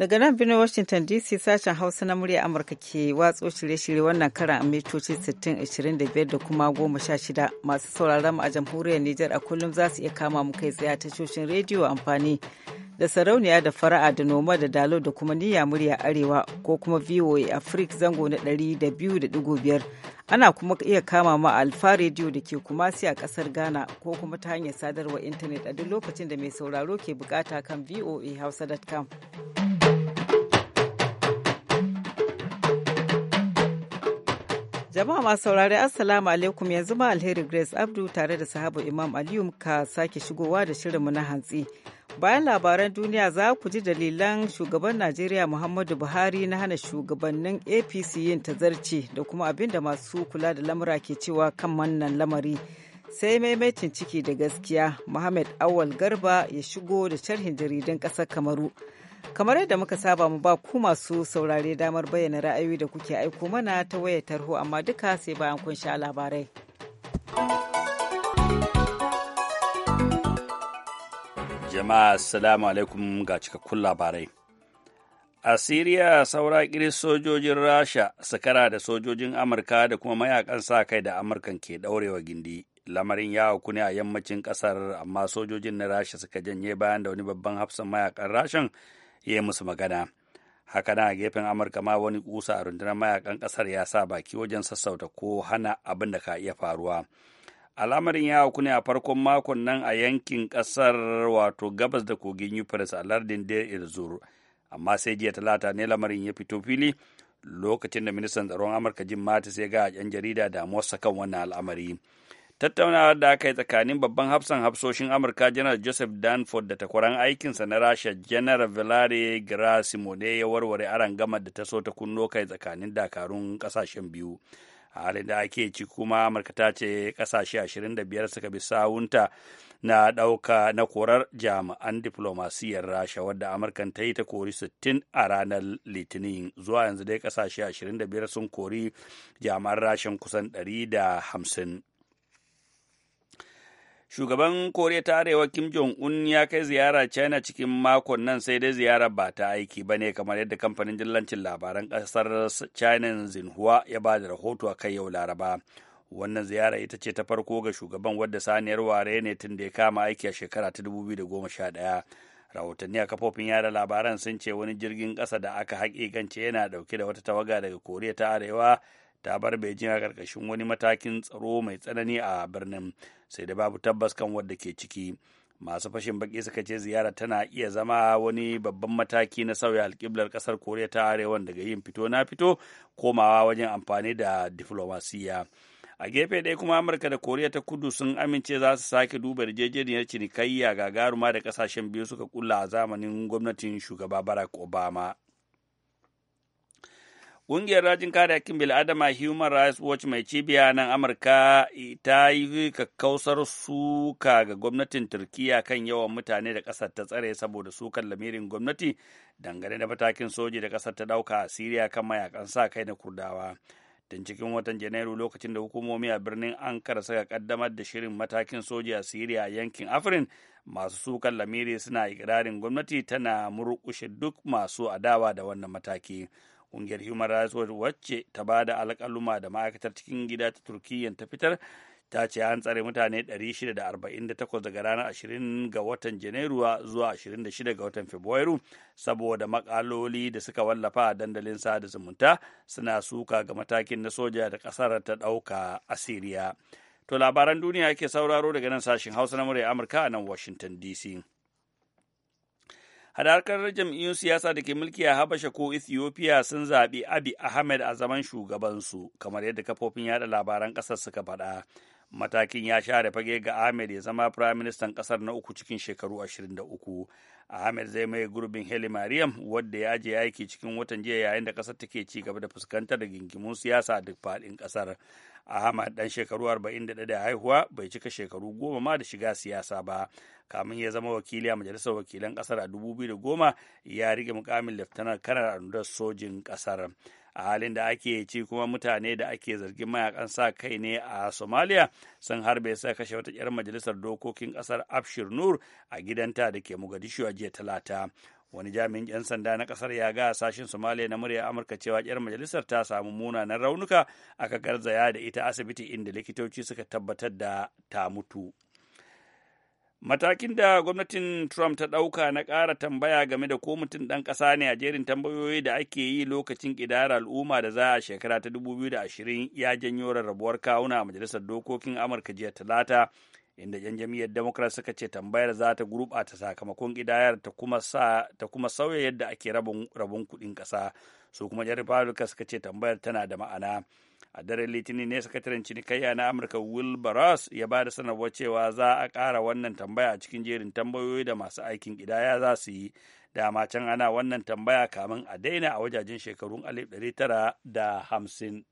Daga nan birnin Washington DC sashen Hausa na murya Amurka ke watso shirye-shirye wannan karan a mitoci 60-25 da kuma 16 masu sauraron mu a jamhuriyar Nijar a kullum za su iya kama mu kai tsaye a tashoshin rediyo amfani da sarauniya da fara'a da noma da dalo da kuma niyya murya arewa ko kuma voa afrik zango na ɗari da da biyu biyar ana kuma iya kama ma alfa rediyo da ke kumasi a kasar ghana ko kuma ta hanyar sadarwa intanet a duk lokacin da mai sauraro ke bukata kan voa hausa.com Jama'a masu saurari Assalamu alaikum yanzu ma alheri Grace Abdu tare da sahabu Imam Aliyu ka sake shigowa da shirinmu na hantsi. Bayan labaran duniya za ku ji dalilan shugaban Najeriya Muhammadu Buhari na hana shugabannin APC yin tazarci da kuma abin da masu kula da lamura ke cewa kan wannan lamari. Sai maimaitin ciki da gaskiya Muhammad Awal Garba ya shigo da sharhin jaridan ƙasar Kamaru. kamar yadda muka saba mu ba ku masu saurare damar bayyana ra'ayoyi da kuke aiko mana ta wayar tarho amma duka sai bayan kun sha labarai jama'a assalamu alaikum ga cikakkun labarai a siriya saura sojojin rasha sakara da sojojin amurka da kuma mayakan sa kai da amurkan ke daurewa gindi lamarin ya hauku ne a yammacin kasar amma sojojin na rasha suka janye bayan da wani babban hafsan mayakan rashan ya yi musu magana haka na gefen amurka ma wani kusa a rundunar mayakan kasar ya sa baki wajen sassauta ko hana abin da ka iya faruwa al'amarin ya hauku ne a farkon makon nan a yankin kasar wato gabas da kogin yufres a lardin deir irzur amma sai jiya talata ne lamarin ya fito fili lokacin da ministan tsaron amurka jim mattis ya ga yan jarida damuwarsa kan wannan al'amari tattaunawar da aka yi tsakanin babban hafsan hafsoshin amurka janar joseph danford da takwaran aikinsa na rasha janar valare gerasimo ne ya warware aran gama da ta so ta kunno kai tsakanin dakarun kasashen biyu a halin da ake ci kuma amurka ta ce kasashe 25 suka bi sawunta na ɗauka na korar jami'an diflomasiyyar rasha wadda amurkan ta yi ta kori 60 a ranar litinin zuwa yanzu dai kasashe 25 sun kori jami'an rashin kusan 150 Shugaban Koriya ta Arewa Kim Jong-un ya kai ziyara China cikin makon nan sai dai ziyara ba ta aiki ba ne kamar yadda kamfanin dillancin labaran kasar China Xinhua ya ba da rahoto a kai yau Laraba. Wannan ziyara ita ce ta farko ga shugaban wadda saniyar ware ne tun da ya kama aiki a shekara ta 2011. rahotanni a kafofin yada labaran sun ce wani jirgin kasa da aka haƙiƙance yana ɗauke da wata tawaga daga koriya ta arewa ta bar Beijing a ƙarƙashin wani matakin tsaro mai tsanani a birnin sai da babu tabbas kan wadda ke ciki. Masu fashin baki suka ce ziyara tana iya zama wani babban mataki na sauya alƙiblar ƙasar Koriya ta Arewan daga yin fito na fito komawa wajen amfani da diflomasiya. a gefe ɗaya kuma amurka da koriya ta kudu sun amince za su sake duba yarjejeniyar cinikayya gagaruma da ƙasashen biyu suka kulla a zamanin gwamnatin shugaba barack obama Ƙungiyar rajin kare hakkin bil'adama Human Rights Watch mai cibiya nan Amurka ta yi kakkausar suka ga gwamnatin Turkiyya kan yawan mutane da ƙasar ta tsare saboda sukan lamirin gwamnati dangane da matakin soji da ƙasar ta ɗauka a Siriya kan mayakan sa kai na Kurdawa. Tun cikin watan Janairu lokacin da hukumomi a birnin Ankara suka kaddamar da shirin matakin soji a Siriya a yankin Afirin, masu sukan lamiri suna ikirarin gwamnati tana murƙushe duk masu adawa da wannan mataki. ƙungiyar human rights watch wacce ta ba da alƙaluma da ma'aikatar cikin gida ta turkiyya ta fitar ta ce an tsare mutane 648 daga ranar 20 ga watan janairu zuwa 26 ga watan fabrairu saboda makaloli da suka wallafa a dandalin sada zumunta suna suka ga matakin na soja da kasar ta ɗauka a to labaran duniya ke sauraro daga nan sashen hausa na murya amurka a nan washington dc hadakar jam'iyyun siyasa da ke mulki a Habasha ko Ethiopia sun zaɓi Abi Ahmed a zaman shugabansu, kamar yadda kafofin yada labaran ƙasar suka faɗa. matakin ya share fage ga ahmed ya zama firayim ministan kasar na uku cikin shekaru 23 ahmed zai mai gurbin heli mariam wadda ya ajiye aiki cikin watan jiya yayin da kasar take ci gaba da fuskantar da gingimun siyasa a duk faɗin kasar ahmad dan shekaru 41 da haihuwa bai cika shekaru goma ma da shiga siyasa ba kamin ya zama wakili a majalisar wakilan kasar a 2010 ya rike mukamin laftanar kanar a sojin kasar a halin da ake ci kuma mutane da ake zargin mayakan sa kai ne a somalia sun harbe sa kashe wata 'yar majalisar dokokin kasar abshir nur a gidanta da ke mogadishu a jiya talata wani jami'in 'yan sanda na kasar ya ga sashen somalia na murya amurka cewa 'yar majalisar ta samu munanan raunuka aka garzaya da ita asibiti inda likitoci suka tabbatar da ta mutu Matakin da gwamnatin Trump ta ɗauka na ƙara tambaya game da ko mutum ɗan ƙasa ne a jerin tambayoyi da ake yi lokacin ƙidayar al'umma da za a shekara ta 2020 ya janyo rarrabuwar kawuna a Majalisar Dokokin Amurka jiya Talata, inda 'yan jam'iyyar Democrat suka ce tambayar za ta gurɓata sakamakon ƙidayar ta kuma sauya yadda ake rabon kuɗin ƙasa. su kuma jar republican suka ce tambayar tana da ma'ana a daren litinin ne sakataren cinikayya na amurka will ya ba da sanarwar cewa za a ƙara wannan tambaya a cikin jerin tambayoyi da masu aikin ƙidaya za su yi dama can ana wannan tambaya kamin a daina a wajajen shekarun 1950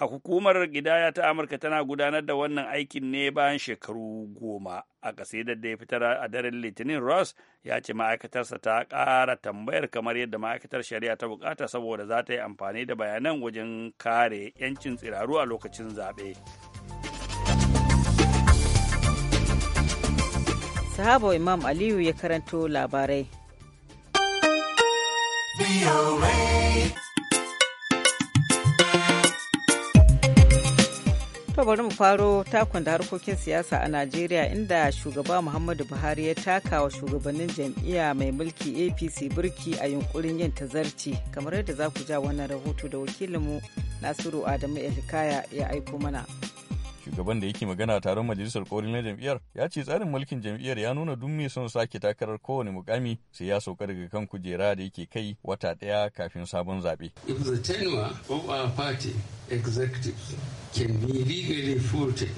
Hukumar gidaya ta Amurka tana gudanar da wannan aikin ne bayan shekaru goma. A kasidar da ya fitar a daren Litinin Ross ya ce ma'aikatarsa ta ƙara tambayar kamar yadda ma'aikatar shari'a ta bukata saboda za ta yi amfani da bayanan wajen kare 'yancin tsiraru a lokacin zaɓe. Sahabo Imam Aliyu ya karanto labarai. To bari mu faro takon da harkokin siyasa a Najeriya inda shugaba Muhammadu Buhari ya taka wa shugabannin jam'iyya mai mulki APC birki a yunkurin yin tazarci kamar yadda za ku ja wannan rahoto da wakilinmu Nasiru Adamu Elkaya ya aiko mana. shugaban da yake magana a taron majalisar koli na jam'iyyar ya ce tsarin mulkin jam'iyyar ya nuna duk mai son sake takarar kowane mukami sai ya sauka daga kan kujera da yake kai wata ɗaya kafin sabon zaɓe. If the tenure of our party executive can be legally faulted,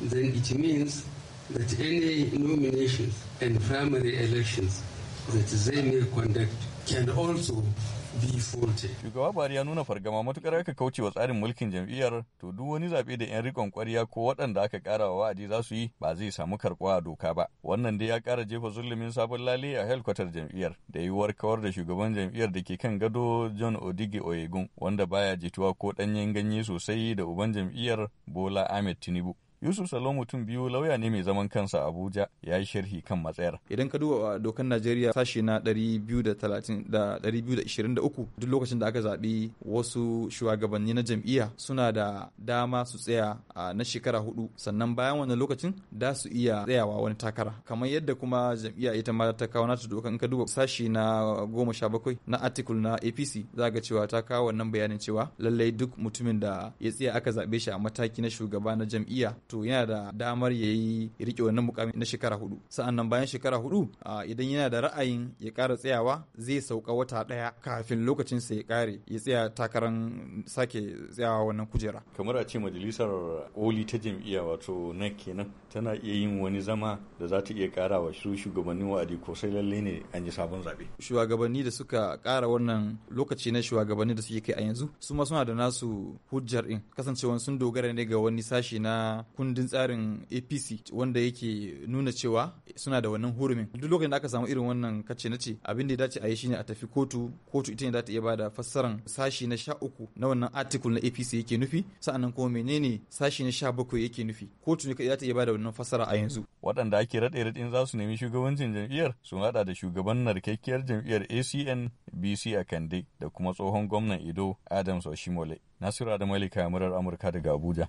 then it means that any nominations and primary elections that they may conduct can also Shugaba Buhari ya nuna fargama matukar aka kauce wa tsarin mulkin jam'iyyar to duk wani zaɓe da 'yan rikon ƙwarya ko waɗanda aka kara wa wa'adi za su yi ba zai samu karɓuwa a doka ba. Wannan dai ya kara jefa zulumin sabon lale a helkwatar jam'iyyar da yiwuwar kawar da shugaban jam'iyyar da ke kan gado John Odigi Oyegun wanda baya jituwa ko ɗanyen ganye sosai da uban jam'iyyar Bola Ahmed Tinubu. Yusuf Salo mutum biyu lauya ne mai zaman kansa Abuja ya yi sharhi kan matsayar. Idan ka duba uh, dokar Najeriya sashi na biyu da 223 duk lokacin da aka zaɓi wasu shugabanni na jam'iyya suna da dama su tsaya uh, na shekara hudu sannan bayan wannan lokacin da su iya tsayawa wani takara kamar yadda kuma jam'iyya ita ma ta kawo nata dokar in ka duba sashi na goma sha bakwai na article na APC za ga cewa ta kawo wannan bayanin cewa lallai duk mutumin da ya tsaya aka zaɓe shi a mataki na shugaba na jam'iyya to yana da damar ya yi riƙe wannan mukami na shekara hudu sa'an nan bayan shekara hudu idan yana da ra'ayin ya ƙara tsayawa zai sauka wata ɗaya kafin lokacin sa ya ƙare ya tsaya takarar sake tsayawa wannan kujera kamar a ce majalisar koli ta jam'iyya wato na kenan tana iya yin wani zama da za ta iya ƙara wa shugabannin wa'adi ko sai lallai ne an yi sabon zaɓe shugabanni da suka ƙara wannan lokaci na shugabanni da suke kai a yanzu su ma suna da nasu hujjar ɗin kasancewa sun dogara ne ga wani sashi na kundin tsarin apc wanda yake nuna cewa suna da wannan hurumin duk lokacin da aka samu irin wannan kace na ce abin da ya dace a yi shine a tafi kotu kotu ita ne za ta iya bada fassaran sashi na sha uku na wannan article na apc yake nufi sa'annan kuma menene sashi na sha bakwai yake nufi kotu ne za ta iya bada wannan fassara a yanzu waɗanda ake raɗe raɗin za su nemi shugabancin jam'iyyar sun haɗa da shugaban narkakkiyar jam'iyyar acn bc a kande da kuma tsohon gwamnan ido adams oshimole nasiru adamali kamarar amurka daga abuja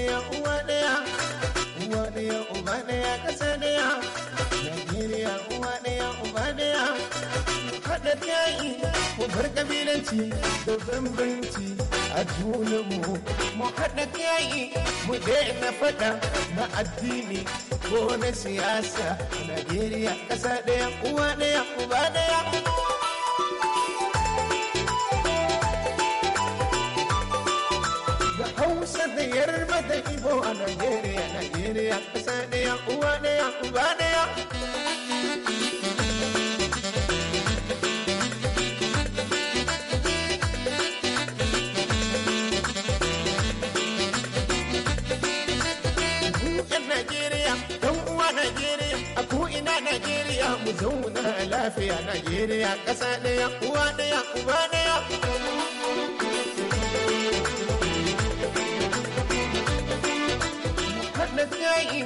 har kabilanci da bambanci a junanmu mu haɗa yayi mu daina faɗa na addini ko na siyasa Najeriya ƙasa ɗaya uwa ɗaya uba ɗaya. Da Hausa da Yarba da Ibo a Najeriya, Najeriya ƙasa ɗaya uwa ɗaya uba ɗaya. lafiya mu zauna lafiya Najeriya ƙasa ɗaya uwa ɗaya uba ɗaya. Kada tsayi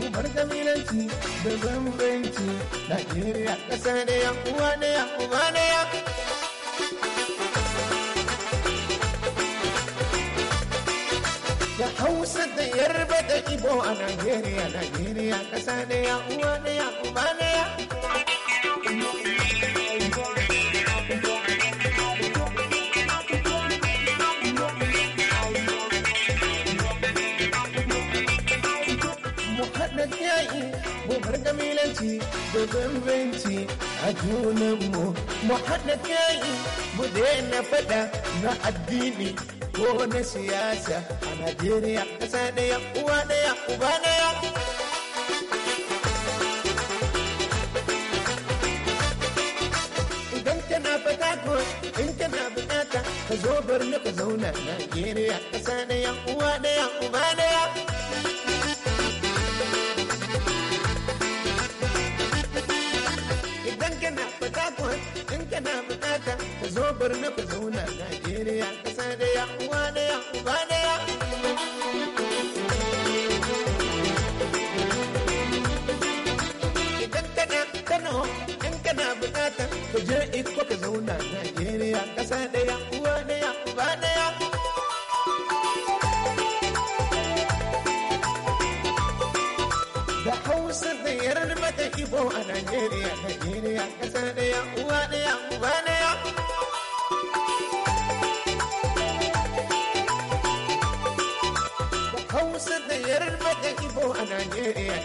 mu bar kabilanci da bambanci Najeriya ƙasa ɗaya uwa ɗaya uba ɗaya. Yarba da Ibo a Najeriya, Najeriya ƙasa ne ya uwa ne ya kuma ne ya. Mu haɗa yayi, mu bar a junanmu. Mu haɗa yayi, mu daina faɗa na addini ko na siyasa a Najeriya ƙasa ɗaya uwa ɗaya uba ɗaya. Idan kana fata ko in kana bukata ka zo bar ka zauna Najeriya ƙasa ɗaya uwa ɗaya uba ɗaya. kana bukata ka zo bar na ku zauna Najeriya kasa daya uwa daya uba daya. Idan kana Kano in kana bukata ka je iko ka zauna Najeriya.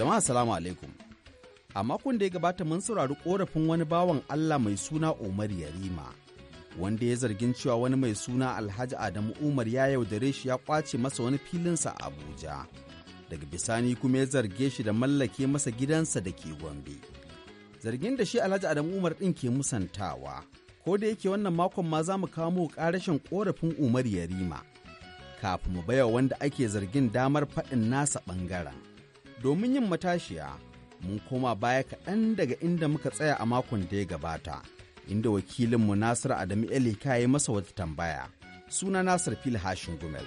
Jama'a salamu alaikum. A makon da ya gabata mun saurari korafin wani bawan Allah mai suna Umar Yarima, wanda ya zargin cewa wani mai suna Alhaji Adamu Umar ya yaudare shi ya kwace masa wani filinsa a Abuja. Daga bisani kuma ya zarge shi da mallake masa gidansa da ke Gombe. Zargin da shi Alhaji Adamu Umar ɗin ke musantawa, ko da yake wannan makon ma za mu kawo muku ƙarashin korafin Umar Yarima. Kafin mu baya wanda ake zargin damar faɗin nasa ɓangaren. domin yin matashiya mun koma baya kaɗan daga inda muka tsaya a makon da ya gabata inda wakilinmu Nasiru Adamu Elika ya masa wata tambaya suna Nasir Fil Hashin Gumel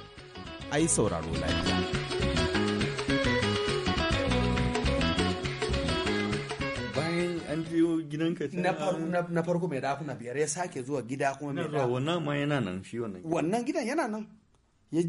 ai sauraro lafiya bayan an biyo gidanka na farko mai dakuna biyar ya sake zuwa gida kuma mai dakuna wannan ma yana nan shi wannan wannan gidan yana nan ya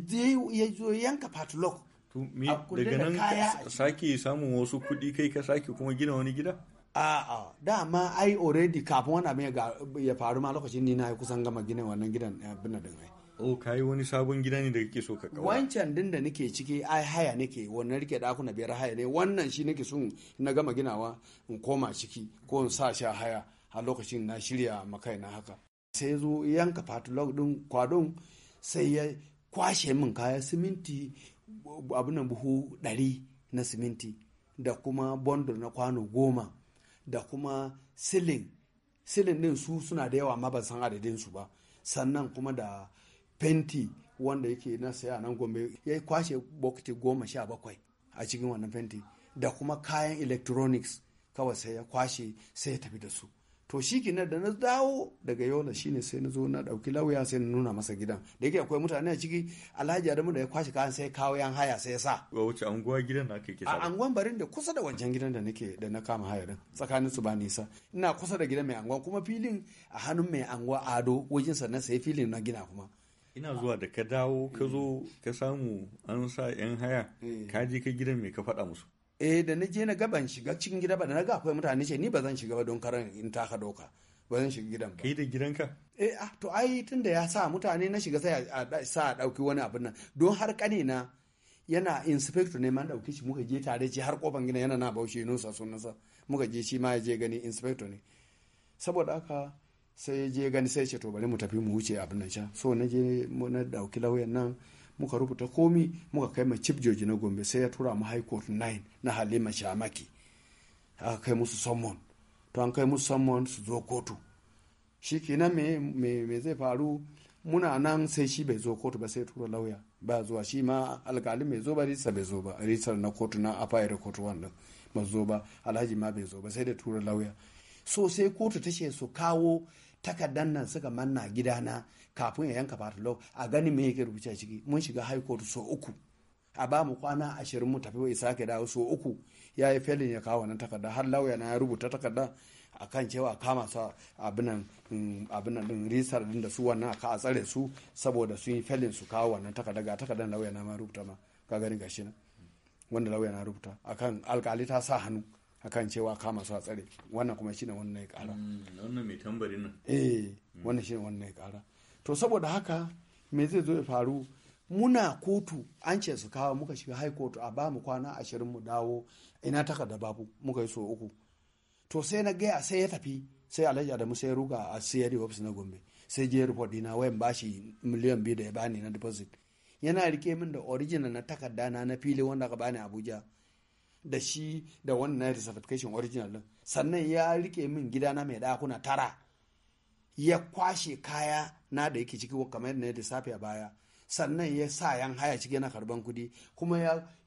zo yanka patulok daga nan sake samun wasu kuɗi kai ka sake kuma gina wani gida? A'a, dama ai already kafin wani abin ya faru ma lokacin ni na yi kusan gama gina wannan gidan abin da mai. O oh, ka wani sabon gida ne da kake so ka kawo. Wancan din da nake ciki ai haya nake wannan rike ɗakuna biyar haya ne wannan shi nake so na gama ginawa in koma ciki ko in sa sha haya a lokacin na shirya makai na haka. Sai zo yanka fatulog din kwadon sai ya kwashe min kaya siminti abunan buhu ɗari na siminti da kuma bundle na kwano goma da kuma silin silin din su suna da yawa amma san adadin su ba sannan kuma da fenti wanda yake na saya nan gombe ya kwashe bokiti goma sha bakwai a cikin wannan fenti da kuma kayan electronics kawai sai ya kwashe sai ya tafi da su to shi kenan da na dawo daga yola shine sai na zo na dauki lauya sai na nuna masa gidan da yake akwai mutane a ciki alhaji adamu da ya kwashe kayan sai kawo yan haya sai ya sa wa wace anguwa gidan na kake a anguwan barin da kusa da wancan gidan da nake da na kama haya din tsakanin su ba nisa ina kusa da gidan mai anguwa kuma filin a hannun mai anguwa ado wajen sa na sai filin na gina kuma ina zuwa da ka dawo ka zo ka samu an sa yan haya eh. ka je ka gidan mai ka faɗa musu E da na je na gaban shiga cikin gida ba da na ga akwai mutane ce ni ba zan shiga ba don karan in taka doka ba zan shiga gidan ba kai da gidanka eh ah to ai tunda ya sa mutane na shiga sai a sa a dauki wani abin nan don har kane na yana inspector ne man dauke shi muka je tare ce har kofan gidan yana na baushe nusa sunansa muka je shi ma ya je gani inspector ne saboda haka sai ya je gani sai ce to bari mu tafi mu wuce abin nan sha so na je na dauki lauyan nan muka rubuta komi muka kai ma chief joji na gombe sai ya tura mu high court 9 na halima shamaki aka kai musu summon to an kai musu summon su zo kotu shi kenan me, me, me zai faru muna nan sai shi bai zo kotu ba sai tura lauya ba zuwa shi ma alkali mai zo ba risa bai zo ba Risa na kotu na afayar kotu wannan ba zo ba alhaji ma bai zo ba sai da tura lauya so sai kotu ta ce su kawo takardan nan suka manna gidana kafin ya yanka farlo a gani me yake rubuce a ciki mun shiga high court so uku a ba mu kwana ashirin mu tafi isa sake dawo so uku ya yi felin ya kawo wannan takarda har lauya na ya rubuta takarda kan cewa kama su abinan abinan mm, din risar din da su wannan aka a tsare su saboda sun yi felin su kawo wannan takarda ga takardar lauya na ma rubuta ma ka gani gashi nan wanda lauya na rubuta akan alkali ta sa hannu akan cewa kama su a tsare wannan kuma shine wannan ya kara mm, wannan mai tambarin nan eh wannan shine wannan ya kara to saboda haka me zai zo ya faru muna kotu an ce su kawo muka shiga high court a ba mu kwana ashirin mu dawo ina takarda babu muka yi so uku to sai na gaya sai ya tafi sai alhaji adamu sai ruga a cid office na gombe sai je report dina wayan bashi miliyan biyu da ya bani na deposit yana rike min da original na takarda na na fili wanda ka bani abuja da shi da wannan certification original sannan ya rike min gidana mai dakuna tara ya kwashe kaya na da yake ciki kamar yadda na a baya sannan ya sa yan haya ciki yana karban kudi kuma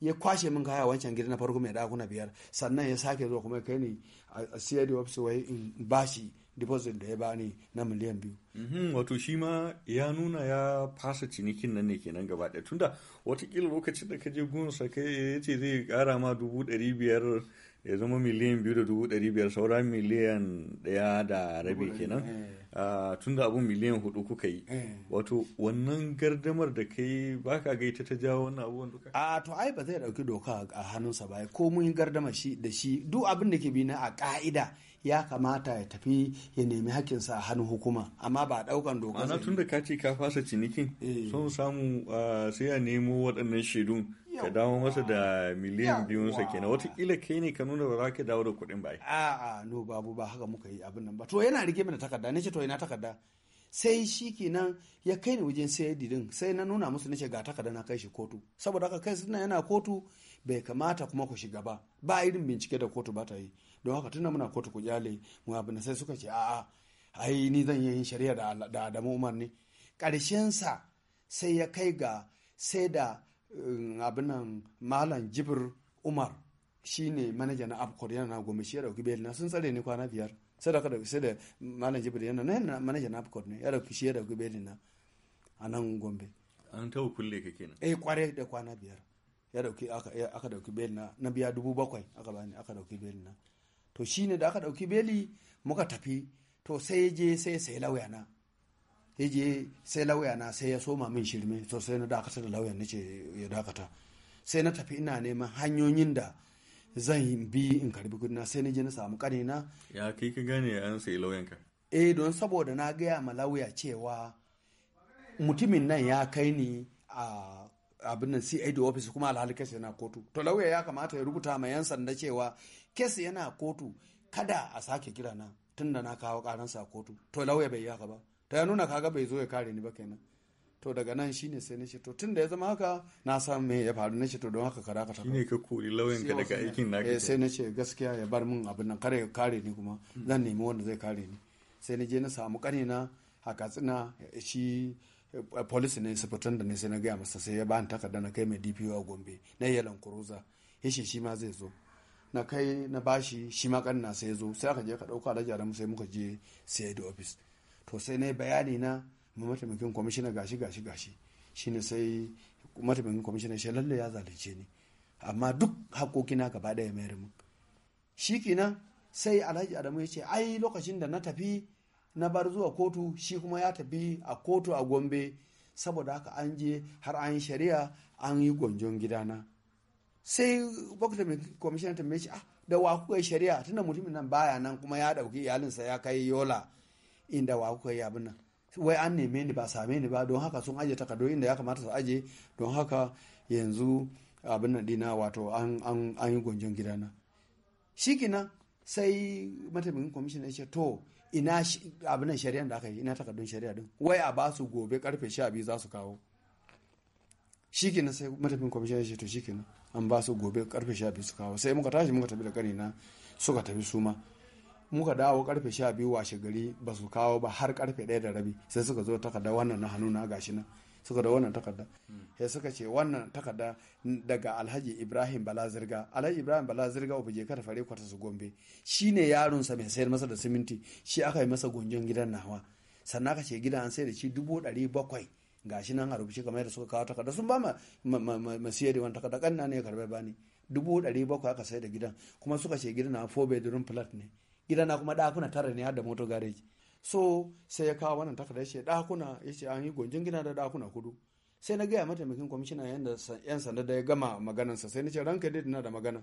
ya kwashe min kaya wancan gida na farko mai dakuna biyar sannan ya sake zuwa kuma kai ni a siyar da wafsu wai in bashi deposit da ya bani na miliyan biyu. Mhm, wato shi ma ya nuna ya fasa cinikin nan ne kenan gaba ɗaya tunda watakila lokacin da ka je gunsa kai ya ce zai kara ma dubu ɗari biyar ya zama miliyan biyu da dubu ɗari biyar sauran miliyan ɗaya da rabe kenan eh. ah, tun da abun miliyan hudu kuka yi eh. wato wannan gardamar da kai ba ga ita ta jawo wannan abubuwan duka a ah, to ai ba zai dauki doka a hannunsa ba ko mun yi gardama shi da shi duk abin da ke bi na a ka'ida ya kamata ya tafi ya nemi hakkinsa a hannun hukuma amma ba daukan doka ana tun da ka ce ka fasa cinikin eh. sun samu ah, sai ya nemo waɗannan shaidun ka dawo masa da miliyan sa kenan watakila ke ne ka nuna ba za ka dawo da kuɗin ba a'a no babu ba haka muka yi abin nan ba to yana rike mana takarda nace to ina takarda sai shi kenan ya kai ni wajen sai didin sai na nuna musu nace ga takarda na kai shi kotu saboda haka kai suna yana kotu bai kamata kuma ku shiga ba ba irin bincike da kotu ba ta yi don haka tunda muna kotu ku jale mu abin sai suka ce a'a ai ni zan yi shari'a da Adamu Umar ne karshen sa sai ya kai ga sai da abinan malam jibir umar shi ne manaja na afcor yana na goma shi ya dauki beli na sun tsare ni kwana biyar sai da kada sai da malam jibir yana na manaja na afcor ne ya dauki shi ya dauki beli na a nan gombe an ta kulle ka kenan eh kware da kwana biyar ya dauki aka aka dauki beli na na biya dubu bakwai aka bani aka dauki beli na to shine da aka dauki beli muka tafi to sai je sai sai lauya na ya je sai lauya na sai ya soma min shirme to sai na dakatar da lauyan nace ya dakata sai na tafi ina neman hanyoyin da zan bi in karbi kudina sai na je na samu na ya kai ka gane an sai lauyan ka eh don saboda na gaya ma lauya cewa mutumin nan ya kai ni a abin nan CID office kuma alhali kes yana kotu to lauya ya kamata ya rubuta ma yan sanda cewa kes yana kotu kada a sake kirana tunda na kawo karansa kotu to lauya bai yi haka ba ta nuna kaga bai zo ya kare ni ba kenan to daga nan shine sai nace to da ya zama haka na san me ya faru nace to don haka kara ka shine ka kori lauyan ka daga aikin naka eh sai nace gaskiya ya bar min abin nan kare kare ni kuma zan nemi wanda zai kare ni sai na je na samu kane na haka tsina shi eh, police ne sufurtan da ne sai na gaya masa sai ya ni takarda na kai mai DPO a Gombe na yalan kuruza hishin shi ma zai zo na kai na bashi shi ma kanna sai ya zo sai aka je ka dauka da jaran sai muka je sai da office to sai na yi bayani na ma mataimakin kwamishina gashi gashi gashi shine sai mataimakin kwamishina shi lalle ya zalunce ni amma duk haƙoƙina gaba ɗaya mayar min shi kenan sai alhaji adamu ya ce ai lokacin da na tafi na bar zuwa kotu shi kuma ya tafi a kotu a gombe saboda haka an je har an yi shari'a an yi gwanjon gidana sai bakwai mai kwamishinan ta ce ah da wa kuka yi shari'a tunda mutumin nan baya nan kuma ya ɗauki iyalinsa ya kai yola inda wa kuka yi abin nan wai an neme ni ba same ni ba don haka sun aje takardu inda ya kamata su aje don haka yanzu abin nan dina wato an yi gwanjon gidana shikenan sai mataimakin kwamishin ya ce to ina abin nan shari'a da aka yi ina takardun shari'a din wai a ba su gobe karfe sha biyu za su kawo shikenan sai matafin kwamishin ya ce to shikenan an ba su gobe karfe sha biyu su kawo sai muka tashi muka tafi da kani na suka tafi suma. ma muka dawo karfe sha biyu washe gari ba su kawo ba har karfe ɗaya da rabi sai suka zo takarda wannan na hannu na gashi nan suka da wannan takarda hmm. sai suka ce wannan takarda daga alhaji ibrahim bala zirga alhaji ibrahim bala zirga ubu je kada fare kwata su gombe shine sa mai sayar masa da siminti shi aka yi masa gunjon gidan nawa sannan aka ce gidan an sai da shi dubu ɗari bakwai gashi nan a rubuce kamar yadda suka kawo takarda sun ba ma ma da wannan takarda kan na ne ya karbe bani dubu ɗari bakwai aka sai da gidan kuma suka ce gidan na four bedroom flat ne gidana kuma ɗakuna tara ne da motar gareji so sai ya kawo wannan takardar shi ɗakuna ya ce an yi gonjin gina da ɗakuna kudu sai na gaya mataimakin kwamishina yadda yan sanda da ya gama maganansa sai na ce ranka dai na da magana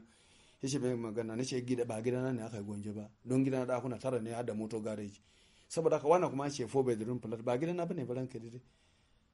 ya ce bai magana na ce gida ba gidana ne aka yi gonje ba don gida na ɗakuna tara ne da motar gareji saboda haka wannan kuma an ce four bedroom flat ba gidana ba ne ba ranka dai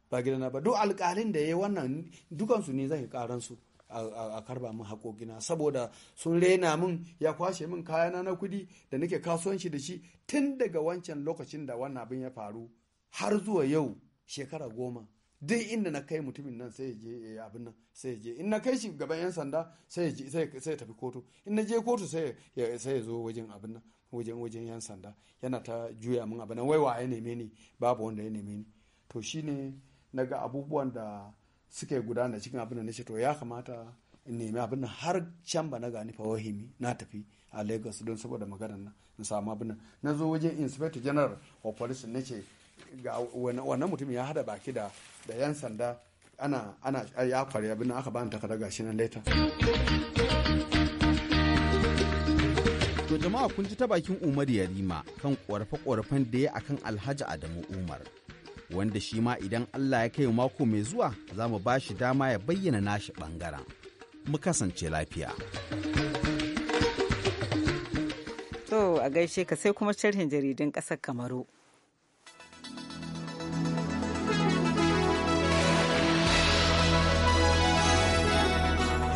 ba gidana ba duk alƙalin da ya yi wannan dukansu ne zai karan su a karba min haƙoƙina saboda sun rena min ya kwashe min kayana na kudi da nake kasuwanci da shi tun daga wancan lokacin da wannan abin ya faru har zuwa yau shekara goma duk inda na kai mutumin nan sai ya je eh, abin nan sai ya je in na kai shi gaban yan sanda sai ya tafi kotu in na je kotu sai ya zo wajen abin nan wajen wajen yan sanda yana ta juya min abin nan wai wa ya neme ni babu wanda ya neme ni to shine na ga abubuwan da suke gudana cikin abin da nace to ya kamata in nemi abin nan har can ba na gani fa wahimi na tafi a Lagos don saboda maganar nan in samu abin nan na zo wajen inspector general of police nace ga wannan mutum ya hada baki da da yan sanda ana ana ya kware abin nan aka bani takarda gashi nan later To jama'a kun ji ta bakin Umar Yarima kan ƙorafe-ƙorafen da ya akan Alhaji Adamu Umar. wanda shi ma idan Allah ya kai mako mai zuwa za mu ba shi dama ya bayyana nashi ɓangaren. Mu kasance lafiya. To a gaishe ka sai kuma sharhin jaridun ƙasar Kamaru.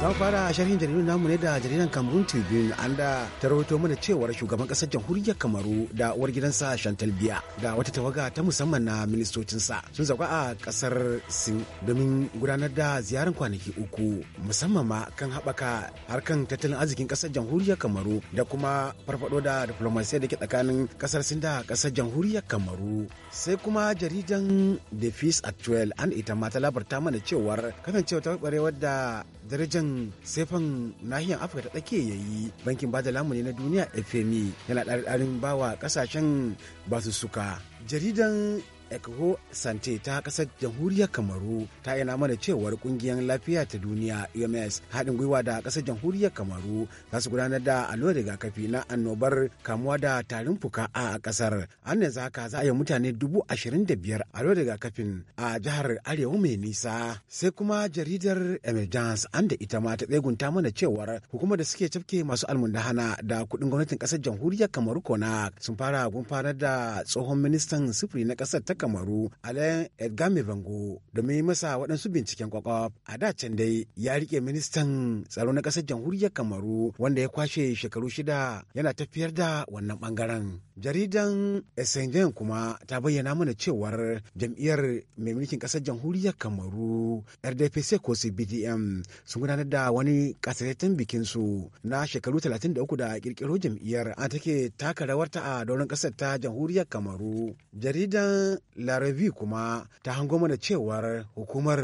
Za fara sharhin jaridu namu ne da jaridan Cameroon Tribune an da ta rahoto mana cewar shugaban kasar jamhuriyar Kamaru da uwar gidansa Chantal Biya da wata tawaga ta musamman na ministocinsa sun zauka a kasar Sin domin gudanar da ziyarar kwanaki uku musamman ma kan haɓaka harkan tattalin arzikin kasar jamhuriyar Kamaru da kuma farfado da diplomasiyya da ke tsakanin kasar Sin da kasar jamhuriyar Kamaru. Sai kuma jaridan The Peace at 12 an ita ma ta labarta mana cewar kasancewa ta da darajan shirin sefan nahiyar afirka ta tsakiya ya yi bankin bada lamuni na duniya fmi e, yana ɗarin bawa ƙasashen basussuka jaridan Ekho Sante ta kasar jamhuriyar Kamaru ta yana mana cewar kungiyar lafiya ta duniya UMS e haɗin gwiwa da kasar jamhuriyar Kamaru za su gudanar da allurar rigakafi na annobar kamuwa da tarin fuka a kasar. An yanzu haka za a yi mutane dubu ashirin da biyar allurar rigakafin a jihar Arewa mai nisa. Sai kuma jaridar Emergence an da ita ma ta tsegunta mana cewar hukumar da suke cafke masu almundahana da kuɗin gwamnatin kasar jamhuriyar Kamaru kona sun fara gumfanar da tsohon ministan sufuri na kasar ta ƙasar kamaru alain edgame bango domin yi masa waɗansu binciken kwakwaf a da can dai ya rike ministan tsaro na ƙasar jamhuriyar kamaru wanda ya kwashe shekaru shida yana tafiyar da wannan ɓangaren jaridan Essendin kuma ta bayyana mana cewar jam'iyyar mai mulkin ƙasar jamhuriyar kamaru rdpc ko cbdm sun gudanar da wani ƙasaitattun bikinsu na shekaru 33 da ƙirƙiro jam'iyyar an take taka rawarta a doron ƙasar ta jamhuriyar kamaru jaridan larabi kuma ta hango mana cewar hukumar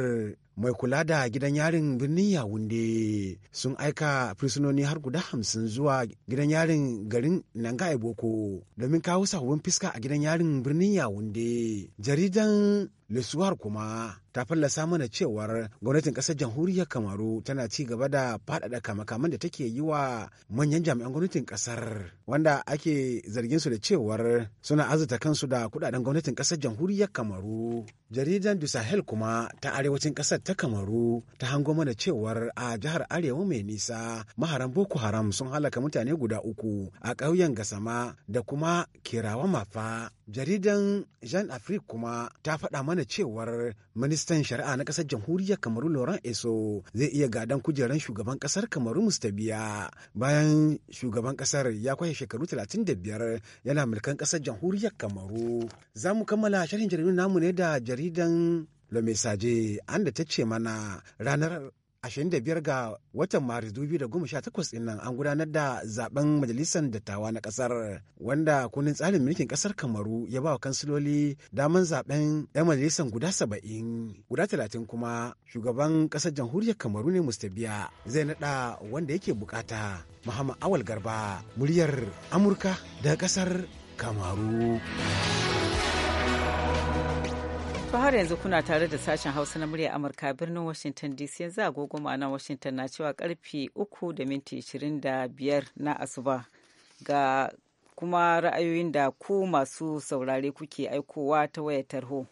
mai kula da gidan yarin birnin yawunde sun aika fursunoni har guda hamsin zuwa gidan yarin garin nanga boko domin kawo sabon fiska a gidan yarin birnin yawunde jaridan lesuwar kuma ta fallasa mana cewar gwamnatin ƙasar jamhuriyar kamaru tana ci gaba da faɗaɗa kamakaman da take yi wa manyan jami'an gwamnatin ƙasar wanda ake zargin su da cewar suna azuta kansu da kuɗaɗen gwamnatin ƙasar jamhuriyar kamaru jaridan du sahel kuma ta arewacin ƙasar ta kamaru ta hango mana cewar a jihar arewa mai nisa maharan boko haram sun halaka mutane guda uku a ƙauyen gasama da kuma kirawa mafa Jaridan Jean Afrique kuma ta faɗa mana cewar ministan shari'a na ƙasar jamhuriyar Kamaru Laurent Eso zai iya gadon kujeran shugaban ƙasar Kamaru Mustabiya bayan shugaban ƙasar ya kwashe shekaru 35 yana mulkan ƙasar jamhuriyar Kamaru. Za mu kammala sharhin jaridun namu ne da jaridan Lomesaje an da ta ce mana ranar 25 ga watan maris 2018 ɗin nan an gudanar da zaben majalisar dattawa na ƙasar, wanda kundin tsarin mulkin ƙasar kamaru ya ba wa kansiloli damar zaben 'yan majalisar guda 70 guda 30 kuma shugaban ƙasar jamhuriyar kamaru ne mustabiya zai naɗa wanda yake bukata muhammad awal garba muryar amurka daga ƙasar kamaru To har yanzu kuna tare da sashen Hausa na murya Amurka birnin Washington DC yanzu agogo ma'ana Washington na cewa karfe uku da minti biyar na asuba ga kuma ra'ayoyin da ku masu saurare kuke aikowa ta wayar tarho.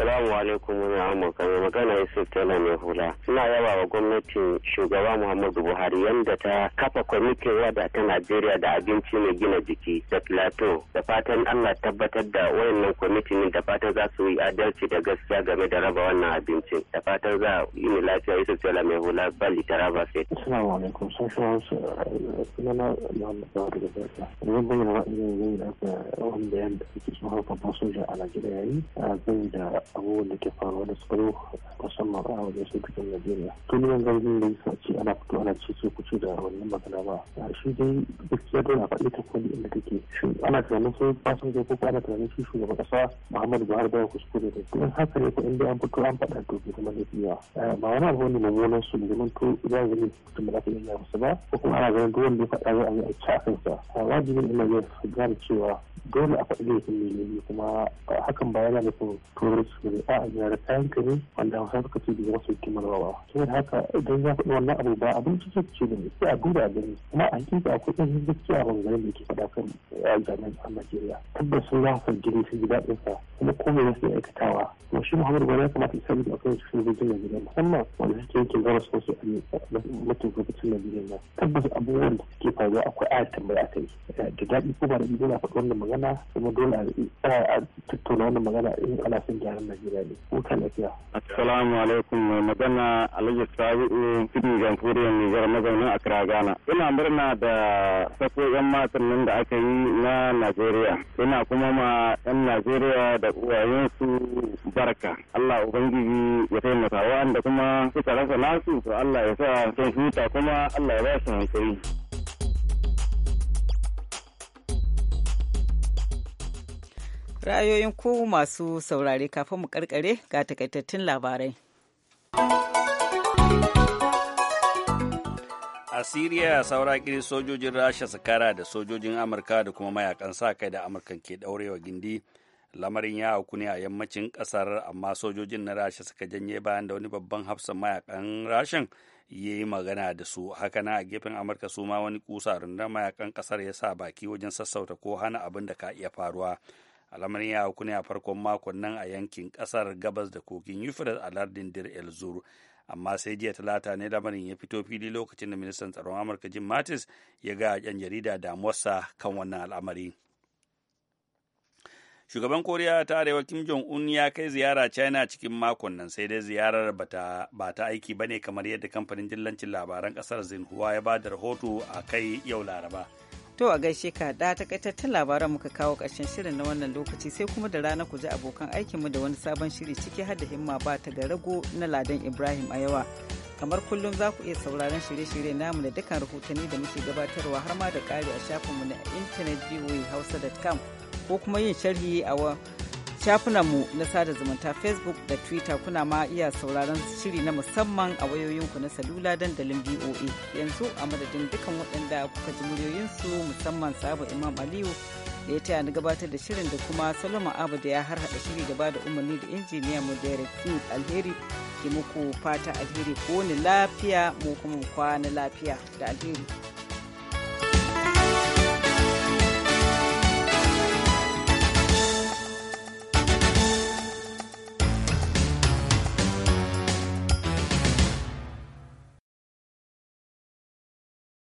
Salamu alaikum wani Amurka mai magana Yusuf Tala mai hula. Ina yaba wa gwamnatin shugaba Muhammadu Buhari yadda ta kafa kwamitin wada ta Najeriya da abinci mai gina jiki da plato. da fatan Allah tabbatar da wayannan kwamitin da fatan za su yi adalci da gaskiya game da raba wannan abinci, da fatan za yi ni lafiya Yusuf Tela mai hula bali ta raba sai. Salamu alaikum sun shi wasu eh, sunana Muhammadu Buhari da Barka. Zan bayyana ra'ayin yin da aka wani bayan da suke sun harkar soja a Najeriya yi eh, a da abubuwan da ke faruwa da tsaro musamman a wajen shugaban najeriya tun yan zargin da yasa ce ana fito ana ce ce kuce da wannan magana ba a shi dai gaskiya dole a faɗi ta kwali inda take ana tunanin sun fasin zai ko ana tunanin shi shugaban ƙasa muhammadu buhari bayan kuskure da in haka ne ko inda an fito an faɗa to bai zama lafiya eh, ba wani abu ne mummunan su domin to za ga ne mutum ba za yi iya ba ko kuma ana ganin duk wanda ya faɗa za a yi a ci a kansa wajibin ina yin gane cewa dole a faɗi laifin ne kuma hakan ba yana nufin turanci ne a gyara kayan ka ne wanda hausa suka ce da wasu kimar rawa saboda haka idan za ka wannan abu ba abin cikin ce ne sai a duba gani kuma a hakika akwai ɗan gaskiya a bangaren da ke faɗa kan jami'an a Najeriya tabbas sun za su gini su gida ɗinsa kuma komai ya sai aikatawa kuma shi Muhammadu Bala ya kamata ya sani da akwai cikin jirgin Najeriya musamman wanda suke yankin zarar su wasu mutum gabacin Najeriya na tabbas abubuwan da suke faruwa akwai ayat tambaya a kai da daɗi ko ba da ɗi dole a faɗi wannan magana kuma dole a tattauna wannan magana in ana son gyaran Najeriya da huta lafiya. Assalamu alaikum mai magana Alhaji Sabi'u Sidi Gamfuriyar Nijar mazaunin Accra Ghana. Ina murna da sako 'yan matan nan da aka yi na Najeriya. Ina kuma ma 'yan Najeriya da uwayensu barka. Allah Ubangiji ya taimaka wa'anda kuma suka rasa nasu to Allah ya sa sun huta kuma Allah ya ba su hankali. Ra'ayoyin ku masu saurare kafin mu karkare ga takaitattun labarai. a siriya saura kiri sojojin rasha sakara da sojojin amurka da kuma mayakan sa kai da amurka ke daurewa gindi lamarin ya auku ne a yammacin kasar amma sojojin na rasha suka janye bayan da wani babban hafsan mayakan rashin ya yi magana da su haka na a gefen amurka su ma wani kusa rundunar mayakan kasar ya sa baki wajen sassauta ko hana abin da ka iya faruwa al'amarin ya ne a farkon makon nan a yankin kasar gabas da kogin euphrates a lardin dir el zur amma sai jiya talata ne lamarin ya fito fili lokacin da ministan tsaron amurka jim mattis ya ga yan jarida damuwarsa kan wannan al'amari shugaban koriya ta arewa kim jong un ya kai ziyara china cikin makon nan sai dai ziyarar ba ta aiki bane kamar yadda kamfanin dillancin labaran kasar xinhua ya ba da rahoto a kai yau laraba To a gaishe ka da takaitattun labaran muka kawo ƙarshen shirin na wannan lokaci sai kuma da rana ku ji abokan aikinmu da wani sabon shiri ciki har da himma ba ta ga rago na Ladan Ibrahim a yawa. Kamar kullum za ku iya sauraron shirye-shirye namu da dukkan rahotanni da muke gabatarwa har ma da ƙari a shafinmu na intanet hausa.com ko kuma yin sharhi a shafinanmu na sada zumunta facebook da twitter kuna ma iya sauraron shiri na musamman a wayoyinku na salula dandalin voa yanzu a madadin dukan waɗanda kuka ji muryoyinsu musamman sabu imam aliyu da ya taya ni gabatar da shirin da kuma salama abu da ya harhaɗa shiri da bada umarni da injiniya mu derek alheri ke muku fata alheri ko ni lafiya mu kuma kwana lafiya da alheri